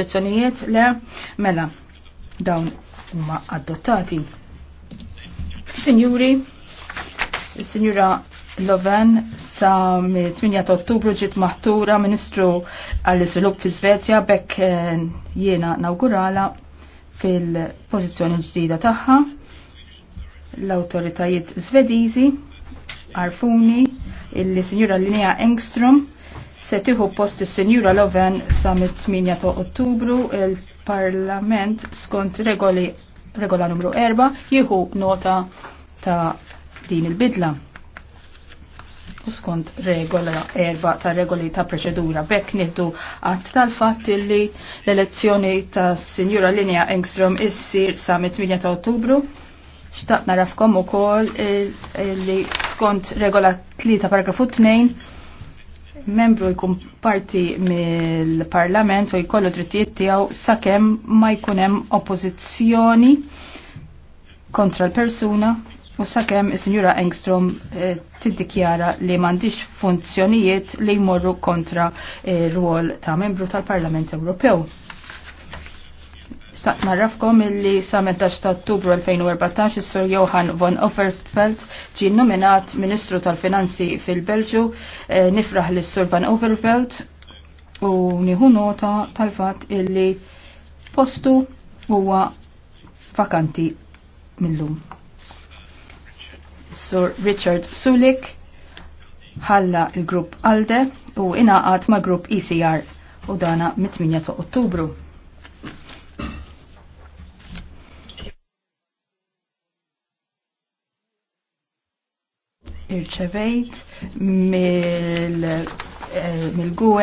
eccezzjonijiet le mela dawn huma adottati. Signuri, Sinjura Loven sa 8 ta' Ottubru ġiet maħtura Ministru għall iżvilupp fi Svezja bekk eh, jiena nawgurala fil-pożizzjoni ġdida tagħha. L-awtoritajiet Svediżi għarfuni il-Sinjura Linnea Engstrom se tieħu post is Loven sa mit-8 ta' Ottubru il-Parlament skont regoli regola numru 4 jieħu nota ta' din il-bidla. U skont regola erba ta' regoli ta' preċedura bekk nieħdu għat tal-fatt li l-elezzjoni ta' Sinjura Linja Engstrom issir sa' 8 ta' Ottubru. Xtaqt narafkom ukoll li skont regola 3 paragrafu 2 membru jkun parti mill-parlament u jkollu drittijiet tiegħu sakemm ma jkun hemm oppożizzjoni kontra l-persuna u sakemm is-Sinjura Engstrom eh, tiddikjara li m'għandix funzjonijiet li jmorru kontra r eh, rwol ta' membru tal-Parlament Ewropew. Staqt narrafkom illi sa 18 ta' ottubru 2014 is-Sur Johan von Offerfeld ġie nominat Ministru tal-Finanzi fil-Belġu, eh, nifraħ lis sur Van Overveld u nieħu nota tal-fatt illi postu huwa vakanti millum. Sur Richard Sulik ħalla il-grupp ALDE u inaqat ma' grupp ECR u dana mit-8 ta' Ottubru. irċevejt eh, mill-gwe